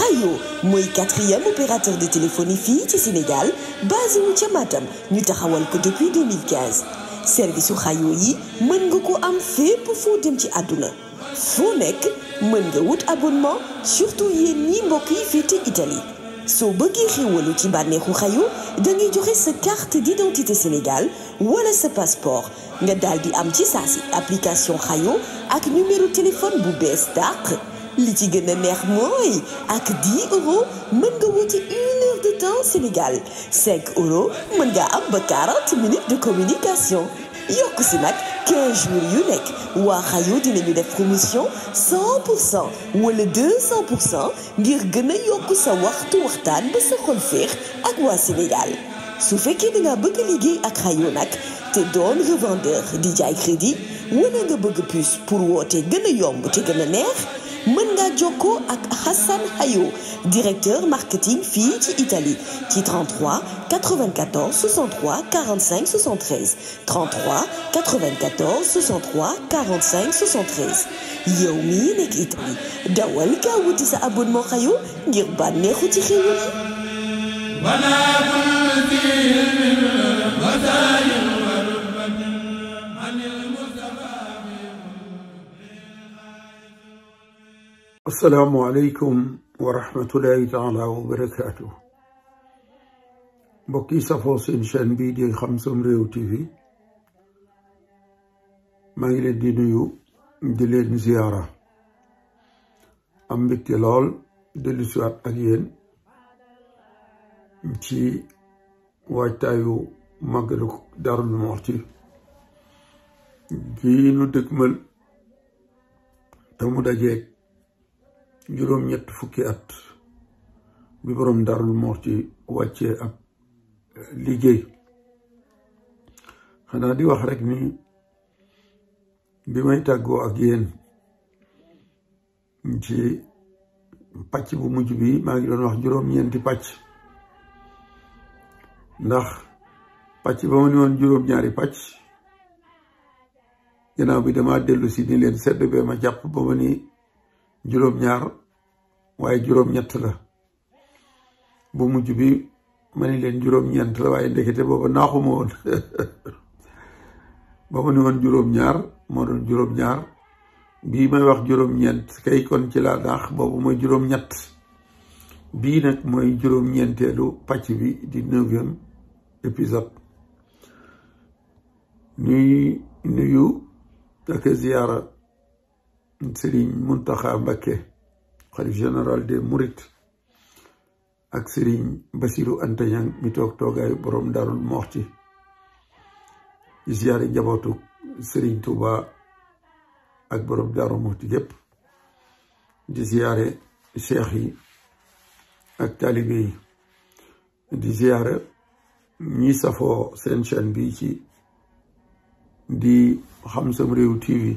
Rayo moi quatrième opérateur de téléphonie fixe Sénégal basé au ca nous ñu taxawal depuis 2015 service au Rayo yi mën nga ko am fait Pour dem ci àdduna foo nekk mën nga wut abonnement surtout yéen ni mbokk yi Italie so bëggee xéwalu ci bànneexu Rayo de vous joxe sa carte d'identité Sénégal ou le passeport nga avez am ci application Rayo ak numéro téléphone bu bees li ci gëna neex ak 10 euros mën nga wuti une heure de temps Sénégal 5 euros mën nga am 40 minutes de communication yokk si nag 15 jours yu nekk waa dinañu def promotion 100 ou wala 200 pour ngir gën a yokk sa waxtu waxtaan ba sa xol féex ak waa Sénégal su fekkee da ngaa bëgg liggéey ak Xayo te doon revendeur di jaay crédit wala nga bëgg puce pour woote gën a yomb te gën neex Manga Joko ak Hassan Hayo directeur marketing Fiji Italie 33 94 63 45 73 33 94 63 45 73 Yomi nek Italy, Italie dawal wuti sa abonnement Hayo ngir asalaamualeykum wa rahmatullahi taala wa barakaatu mbokk yi safoo seen chaîne bii di Xam Sam Réew TV maa ngi leen di nuyu di leen ziyaara am mbégte lool dellu siwaat ak yéen ci waajtaayu màggalu Daarul Muxti gii nu dëgmal te mu dajeeg juróom nyet fukki at bi borom darul ci wacce ab eh, liggéey xana di wax rek ni bi may taggo ak yeen ci pàcc bu mujj bi ma ngi doon wax nyen ñeenti pàcc ndax pàcc ba ma ni woon juróom-ñaari pàcc ginnaaw bi dama dellu si ni leen sedd be ma japp ba ma ni juróom-ñaar waaye juróom-ñett la bu mujj bi ma ni leen juróom-ñeent la waaye ndekete booba naaxuma woon ma ni woon juróom-ñaar moo doon juróom-ñaar bii may wax juróom-ñeent kay kon ci laa daax boobu mooy juróom-ñett bi nag mooy juróom-ñeenteelu pàcc bi di neuvième épisode nuy nuyu ak ziyaara سيرين منتخا مكي خالي جنرال دي موريت اك سيرين بسيرو انتيان مي توك توغاي بروم دارول موختي زيارة جابوتو سيرين توبا اك بروم دارول موختي ديب دي زيارة شيخي اك طالبي دي زيارة ني سافو سين شان دي خمسة مريو تي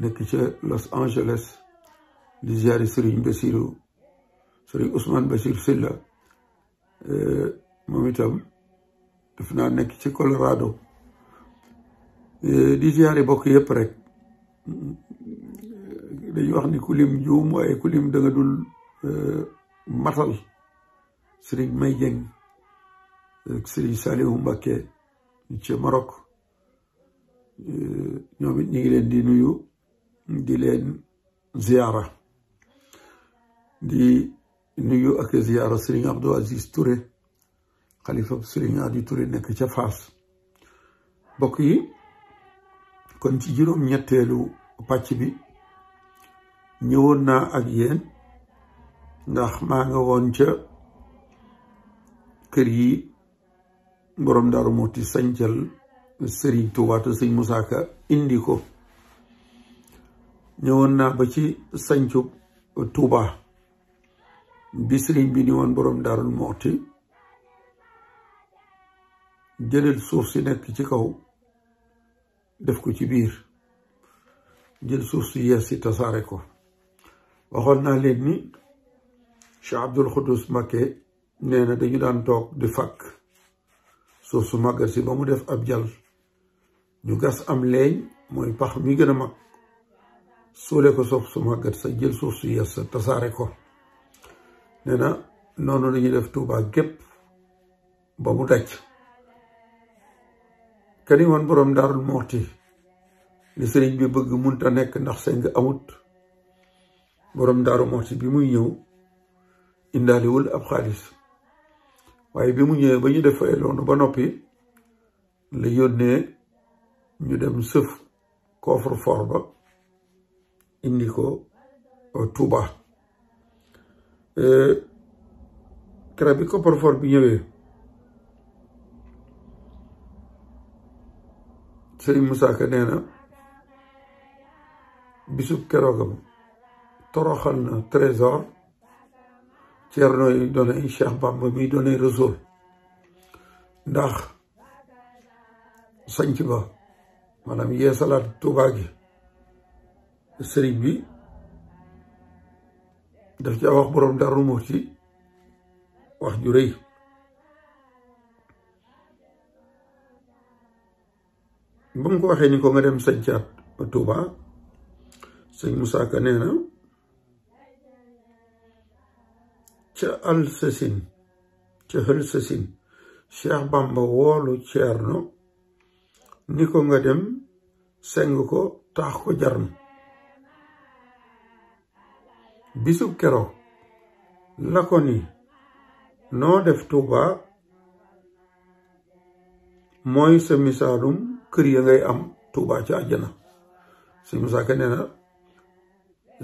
nekk ci Los Angeles di ziare Serigne Bassirou Serigne Ousmane Bassirou Sylla eh, moom itam def naa nekk ci Colorado eh, di ziare bokk yëpp rek eh, dañuy wax ni ku lim juum waaye ku lim da nga dul matal Serigne May Dieng ak Serigne Saliou Mbacké ci Maroc ñoom ñu ngi leen di nuyu di leen ziyaara di nuyu ak ziyaara Serigne Abdou Aziz Touré xalifa Serigne Adi Touré nekk ca Faas mbokk yi kon ci juróom ñetteelu pàcc bi ñëwoon na ak yéen ndax maa nga woon ca kër yi boroom Daaru Muxti sancal Serigne Touba te Serigne Moussa Ka indi ko ñëwoon naa ba ci sancu Touba bi sëriñ bi ni woon boroom Daarul Muxti jëlal suuf si nekk ci kaw def ko ci biir jël suuf si yees si tasaare ko waxoon naa leen ni Cheikh Abdul Xudus Mbakke nee dañu daan toog di fàkk suuf su màggal si ba mu def ab jal ñu gas am leeñ mooy pax mi gën a mag suule ko suuf su màggat sa jël suuf su yees sa tasaare ko nee na noonu la def tuubaa gépp ba mu daj kani woon boroom daarul moxti li sëriñ bi bëgg munta nekk ndax seng amut boroom daaru moxti bi muy ñëw indaaliwul ab xaalis waaye bi mu ñëwee ba ñu defee loonu ba noppi la yónnee ñu dem sëf coffre fort ba indi ko euh, Touba euh, kera bi Copperfort bi ñëwee Serigne Moussa Ka nee na bisub keroogam toroxal na trésor Ceerno yi doonay Cheikh Bamba mi doonay Rasuul ndax sanc ba maanaam yeesalaat Touba sëriñ bi daf caa wax boroom Daaru Muxti wax ju réy ba mu ko waxee ni ko nga dem sañcaat Tuuba sëñ Musaa Ka nee na ca alsasin ca hëlsasin Cheikh Bamba woolu Ceerno ni ko nga dem seng ko taax ko jarm bisub keroog la ko ni noo def tuuba mooy sa misaalum kër ya am tuuba ci àjjana si musaaka nee na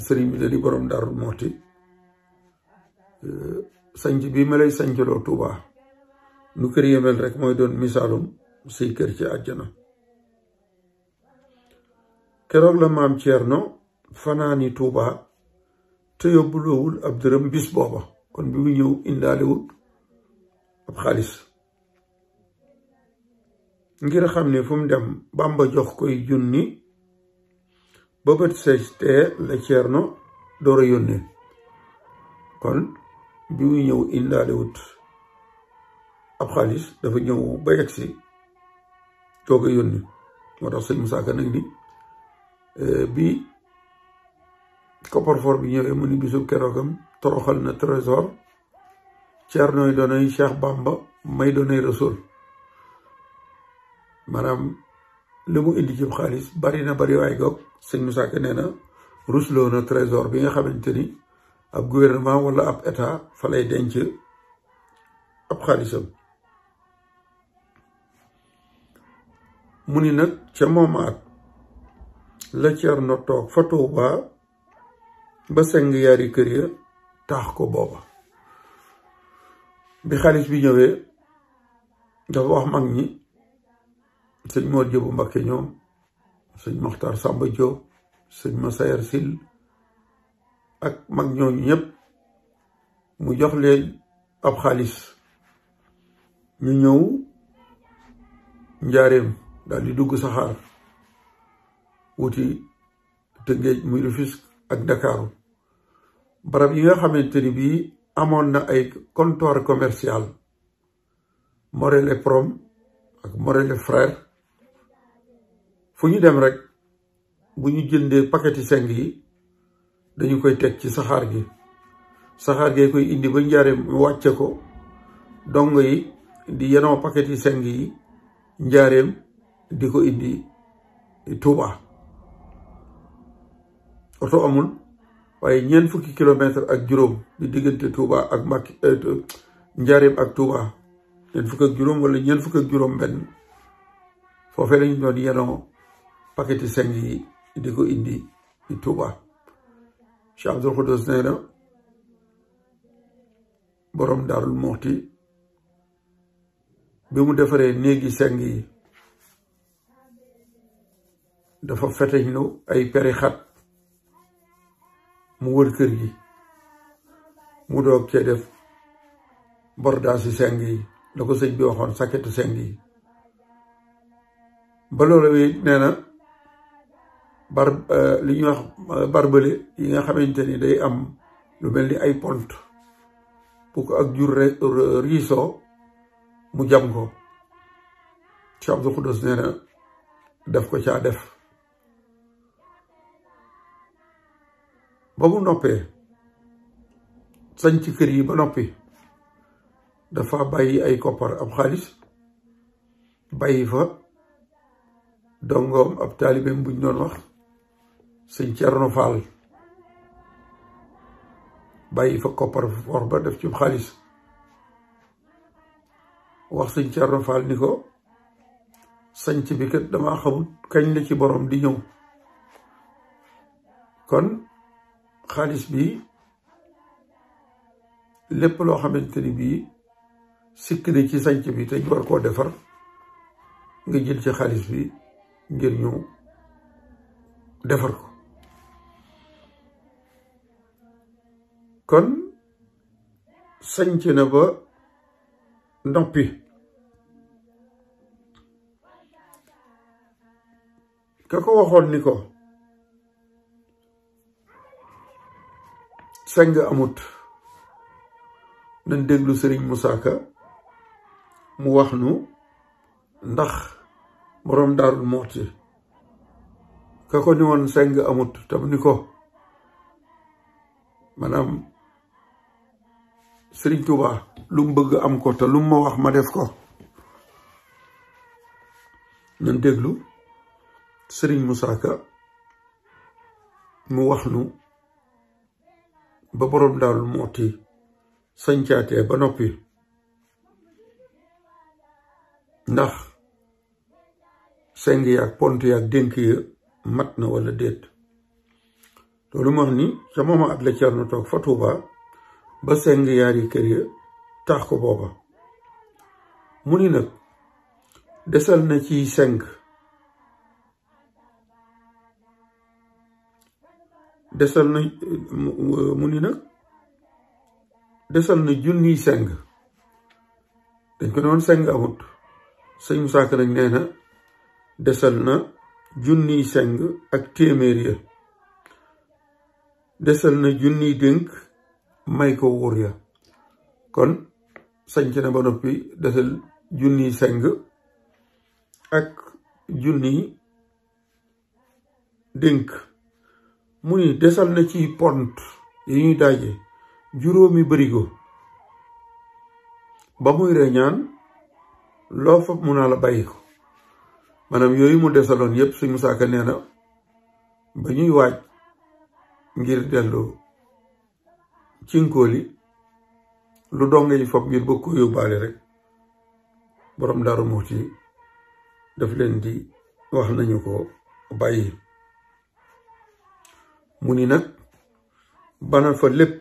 sëriñ bi dadi borom daaru moxti eh, sanc bi ma lay sancloo tuuba nu kër ya rek mooy doon misaalum say kër ci àjjana keroog la maam Ceerno fanaani tuuba te yóbbuloowul ab dërëm bis booba kon bi mu ñëw indaalewul ab xaalis ngir xam ne fu mu dem Bàmba jox koy junni ba bët sees te la Ceerno door a yónnee kon bi mu ñëw indaalewut ab xaalis dafa ñëw ba yegsi toog yónni moo tax sëñ Musaa Ka nag ni eh, bi coffre-fort bi ñëwee mu ni bisub keroogam toroxal na trésor ceernooy doonay Cheikh Bamba may doonay Rasul maanaam li mu indi ci xaalis bari na bari waay goog sëñ Moussa Ka nee na rusloo na trésor bi nga xamante ni ab gouvernement wala ab état fa lay denc ab xaalisam mu ni nag ca moomaat la ceerno toog fa Tuubaa ba seng yari keur ya tax ko boba bi xalis bi ñewé dafa wax mag ñi sëñ Mor Jóobu Mbakke ñoom sëñ Moxtaar Sàmba Jóob sëñ Masayar Sil ak mag ñoo ñëpp mu jox le ab xalis ñu ñew ndiarem dal di dugg saxaar wuti ngeej muy Rufisque ak ndakaaru barab yi nga xamante ni bii amoon na ay comptoir commercial Morel et Prom ak Morel et fu ñu dem rek bu ñu jëndee paketi seng yi dañu koy teg ci saxaar gi saxaar gee koy indi ba njaareem wàcce ko dong yi di yenoo paketi seng yi njaareem di ko indi Touba oto amul waaye ñeent fukki kilomètre ak juróom di diggante Touba ak Mbacké euh, Njaareem ak Touba ñeent fukk ak juróom wala ñeent fukk ak juróom benn foofee lañu doon yenoo paketi seng yi di ko indi di Touba Cheikh Abdoul Khoudous nee boroom Daarul Muxti bi mu defaree néegi seng yi dafa feteñlu ay peri xat mu wër kër gi mu doog cee def bordage seng yi la ko sëñ bi waxoon sàkketu seng yi ba loolu wi nee na bar euh, wax euh, barbele yi nga xamante ni day am lu mel ni ay pont bu ko ak jur riisoo mu jam ko ci Abdou Khoudous nee na daf ko ca def ba mu noppee sañ ci kër yi ba noppi dafa bàyyi ay koppar ab xaalis bàyyi fa dongoom ab taalibeem buñ doon wax sëñ Cerno Faal bàyyi fa koppar for ba def ci xaalis wax sëñ Cerno Faal ni ko sanc bi kat damaa xamul kañ la ci borom di ñëw kon xaalis bi lépp loo xamante ni bii sikk ci sanc bi te ñu koo defar nga jël ci xaalis bi ngir ñu defar ko kon sanc na ba noppi ka ko waxoon ni ko sang amut nañ déglu sëriñ Moussa Ka mu wax nu ndax borom darul moxti ka ko ni won sang amut tam ni ko manam sëriñ Touba lu mu bëgg am ko te lu ma wax ma def ko nañ déglu sëriñ Moussa Ka mu wax nu ba da daarul mooti sancaatee ba noppi ndax seng ya pont ya mat na wala to lu ma ni at la Ceerno ba seng yaari ya tax ko desal na ci desal na mu ni desal na junniy seng dañ ko doon seng amut sëñ Musaa Ka nag nee na desal na junniy seng ak téeméer ya desal na junni dénk may ko wóor ya kon sanc na ba noppi desal junniy seng ak junniy dénk muni Desa desal na ci pont yi ñuy daaje juróomi barigo ba muy reñaan lo fa mu na la bayiko manam yoy mu desalon yépp suñu saka nee ba ñuy waaj ngir ci ngoli lu yi fop ngir yu balé rek borom daaru ci daf leen di wax nañu ko mu ni nag banal fa lépp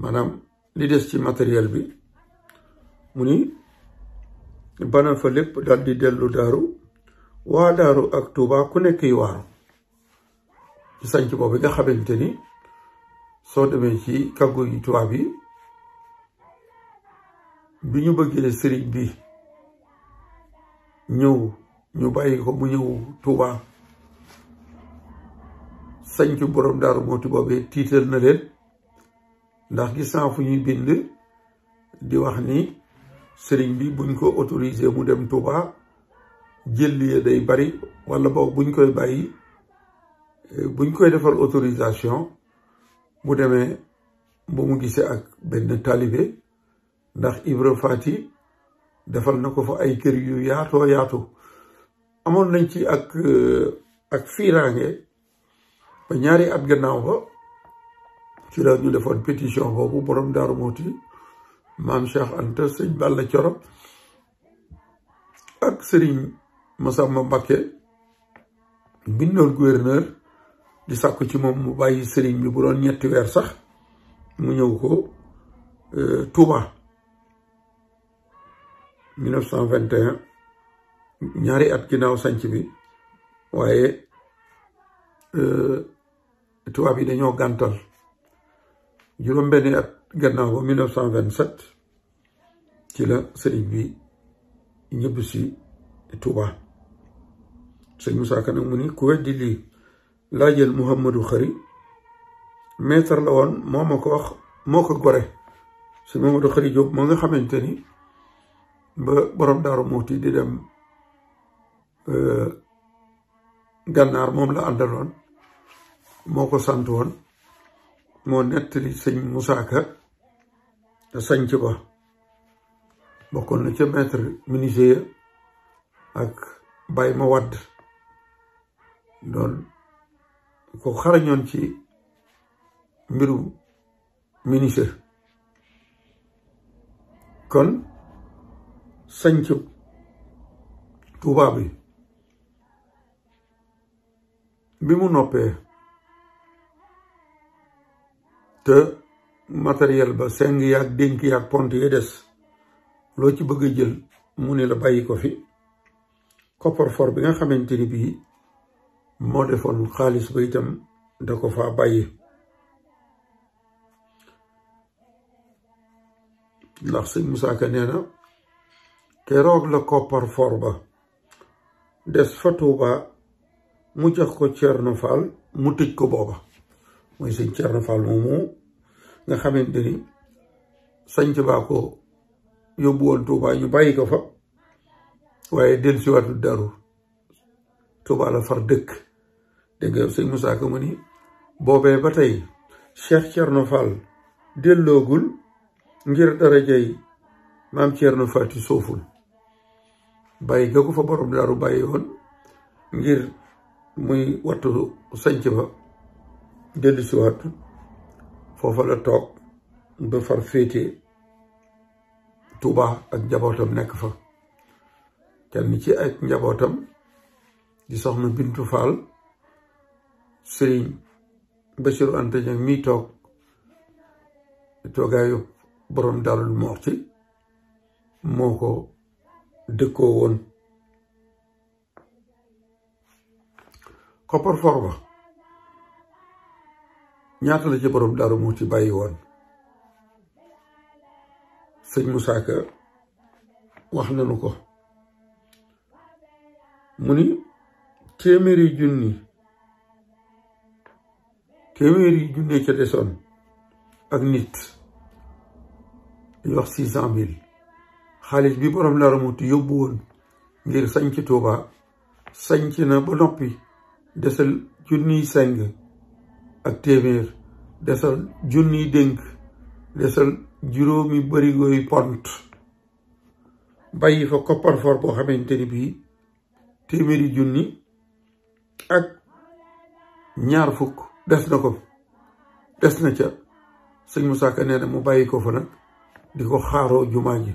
maanaam li des ci matériel bi mu ni banal fa lépp daal di dellu daaru waa daaru ak Tuuba ku nekk yi waaru ci sanc boobu nga xamante ni soo demee ci kàggu yi tubaab yi bi ñu bëggee sëriñ bi ñëw ñu bàyyi ko mu ñëw Tuuba sañ ci borom daaru mooti boobee tiital na leen ndax gis naa fu ñuy bind di wax ni sëriñ bi buñ ko autorisé mu dem Touba jël ya day bari wala boog buñ koy bàyyi buñ koy defal autorisation bu demee ba mu gisee ak benn taalibe ndax Ibra Fati defal na ko fa ay kër yu yaatoo yaatu amoon nañ ci ak ak fiiraange ñaari at gannaaw ba ci la ñu defoon pétition boobu borom daaru Moti maam Cheikh Anta sëñ Balla Corop ak Serigne Massamba Mbacké bindoon gouverneur di sàkku ci moom mu bàyyi sëriñ bi bu doon ñetti weer sax mu ñëw ko euh, Touba 1921 ñaari at ginnaaw sanc bi waaye euh, tubaab yi dañoo gàntal juróom benni at gannaaw ba 1927 ci la sëriñ bi ñëbb si Touba sëñ Moussa Ka nag mu ni ku weddi lii laa jël Mouhamadou Khari maître la woon moo ma ko wax moo ko gore sëñ Mouhamadou Khari Diop moo nga xamante ni ba borom daaru muuti di dem gànnaar moom la àndaloon moo ko sant woon moo nettali sëñ Moussa Ka te sanc ba bokkoon na ca maître menuisier ak Baye Mawad doon ko xarañoon ci mbiru menuisier kon sanc Touba bi bi mu noppee te matériel ba seng yaag dénk yaag pont ya des loo ci bëgg a jël mu ne la bàyyi ko fi coffre-fort bi nga xamante ni bii moo defoon xaalis ba itam da ko fa bàyyi ndax sëñ Moussa nee na keroog la coffre-fort ba des fa Tuuba mu jox ko Cerno mu tëj ko booba muy sëñ Thierno moomu nga xamante ni sanc baa ko yóbbu woon Touba ñu bàyyi ko fa waaye dellusiwaatul daru Touba la far dëkk dégg nga sëñ mu ni boobee ba tey Cheikh Thierno Fall delloogul ngir darajay maam Thierno sooful bàyyi ga ko fa borom daru bàyyi woon ngir muy wattu sanc ba dellu siwaat foofa la toog ba far féete Tuuba ak njabootam nekk fa kenn ci ak njabootam di soxna Bintu Faal sëriñ Basiru Anta Ñaŋ mi toog toogaayu boroom Daarul Muxti moo ko dëkkoo woon koppar for ba ñaata la ci borom Daaru Muxti bàyyi woon sëñ Moussa Ka wax nañu ko mu ni téeméeri junni téeméeri junne ca desoon ak nit dañu wax six cent mille xaalis bi borom Daaru Muxti yóbbu woon ngir sañc Tuuba sañc na ba noppi desal junniy seng ak téeméer desal junniy dénk desal juróomi bërigooy pont bàyyi fa kopparfor boo xamante ni bii téeméeri junni ak ñaar fukk des na ko des na ca sëñ Moussa Ka nee na mu bàyyi ko fa nag di ko xaaroo jumaa ji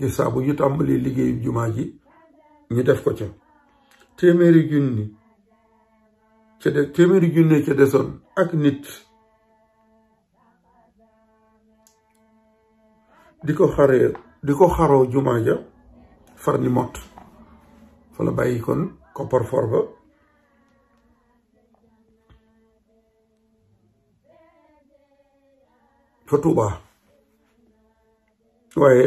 ngir saa bu ñu tàmbali liggéeyu jumaa ji ñu def ko ca téeméeri junni ca de téeméeri junne ca desoon ak nit di ko xaree di ko xaroo jumaa ja far ni mott fa la bàyyi kon koppar for ba fa Tuubaa waaye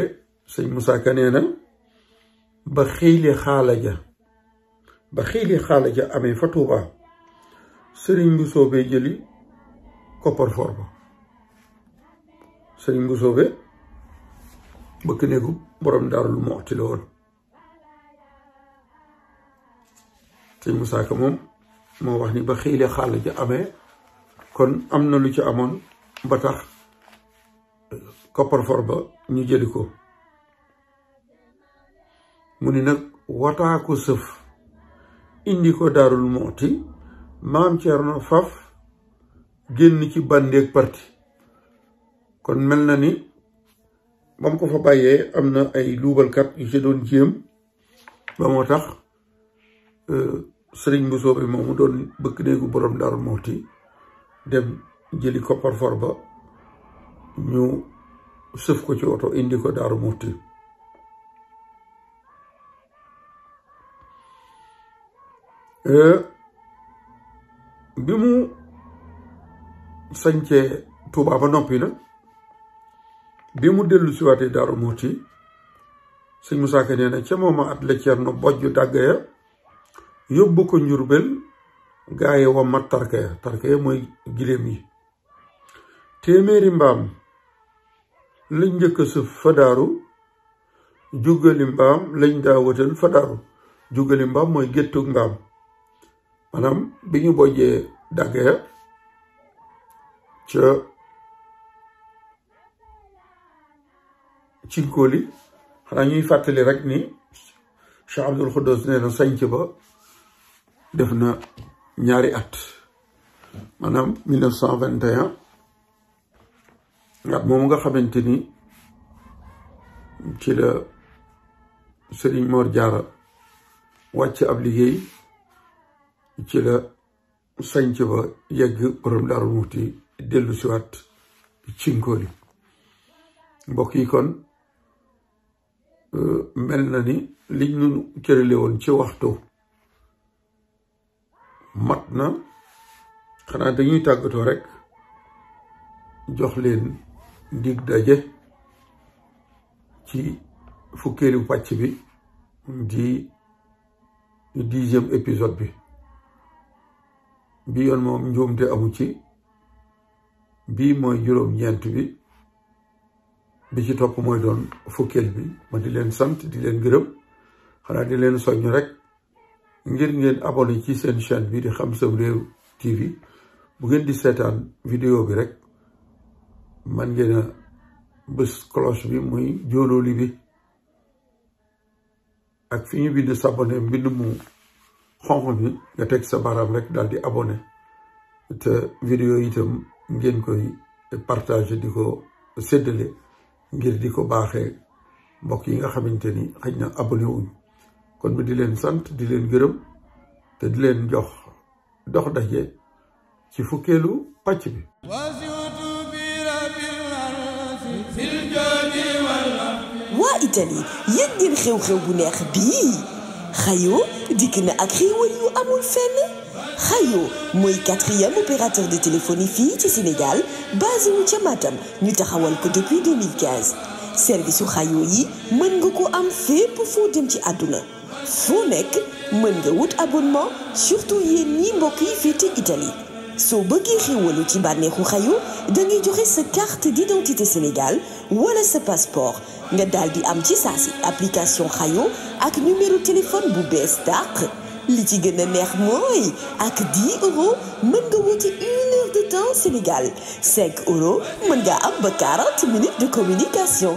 sëñ Moussa nee na ba xiili xaala ja ba xiili xaala ja amee fa Tuubaa sëriñ bu soobee jëli kopparfor ba sëriñ bu soobee bëkk néegu borom daaru lu moxti la woon sëñ Musaa Ka moom moo wax ni ba xiile xaal ja amee kon am na lu ci amoon ba tax euh, kopparfor ba ñu jëli ko mu ni nag wataa ko sëf indi ko daaru lu maam Thierno Faf génn ci bandeeg parti kon mel na ni ba mu ko fa bàyyee am na ay luubalkat yu ci doon jéem ba moo tax sëriñ bu soobee moomu doon bëkk néegu borom daaru mawti dem jëli koppar for ba ñu sëf ko ci oto indi ko daaru mawti euh bimu sanke sañcee Touba ba noppi nag bi mu dellu siwaatee Daaru Muhti sëñ Musaa Ka nee na ca mooma at la Ceerno bojj dàggaya yóbbu ko Njurbel gaaye wa mat tarkaya tarkaya mooy giléem yi téeméeri mbaam lañ njëkk a sëf fa daaru juggali mbaam lañ daa wëtal fa daaru juggali mbaam mooy géttug mbaam maanaam bi ñu bojjee daggee ca cinkóoli xanaa ñuy fàttali rek ni Cheikh Abdul Xuddos nee na sanc ba def na ñaari at maanaam mille neuf cent vingt et un at moomu nga xamante ni ci la Sëriñ Mor Jaara wàcc ab liggéey ci la sanc ba yegg borom daaru muuti dellu siwaat cinkooli mbokk yi kon euh, mel na ni li ñu cërale woon ci waxtu mat na xanaa dañuy tàggatoo rek jox leen dig daje ci fukkeelu pàcc bi di dixième épisode bi bi yoon moom njuumte amu ci bii mooy juróom-ñeent bi bi ci topp mooy doon fukkeel bi ma di leen sant di leen gërëm xanaa di leen soññ rek ngir ngeen abonné ci seen chaîne bi di Xam Sam Réew TV bu ngeen di seetaan vidéo bi rek man ngeen a cloche bi muy joonóoli bi ak fi ñu bind sabone mbind mu xonq bi nga teg sa baaraam rek daal di abonné te vidéo itam ngeen koy partage di ko seddale ngir di ko baaxee mbokk yi nga xamante ni xëy na abonné kon bi di leen sant di leen gërëm te di leen jox dox daje ci fukkeelu pàcc bi waa Italie yëg ngeen xew-xew bu neex bii Rayo dikk na ak xéewal yu amul fenn Rayo mooy quatrième opérateur de téléphonie fixe au Sénégal basé wu ca Matam ñu taxawal ko depuis 2015 service u Rayo yi mën nga ko am fépp foo dem ci àdduna foo nek, mën nga wut abonnement surtout yéen ni mbok yi Italie soo bëggee xéewalu ci bànneexu xayu da ngay joxe sa carte d'identité Sénégal wala sa passeport nga pouvez am ci application xayu ak numéro téléphone bu bees dàq li ci gën neex ak 10 euros mën nga wuti une heure de temps Sénégal 5 euros mën ngaa am 40 minutes de communication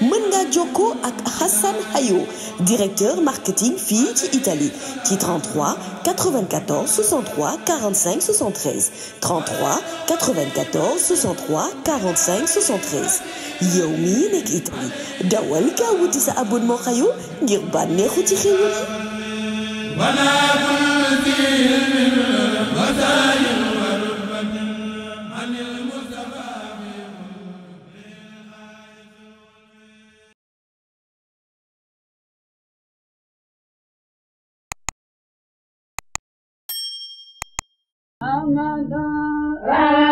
mën Joko Hassan Hayo directeur marketing Fiji Italie T 33 94 63 45 73 33 94 63 45 73 yoomi dawal ka abonnement Hayo ngir love you.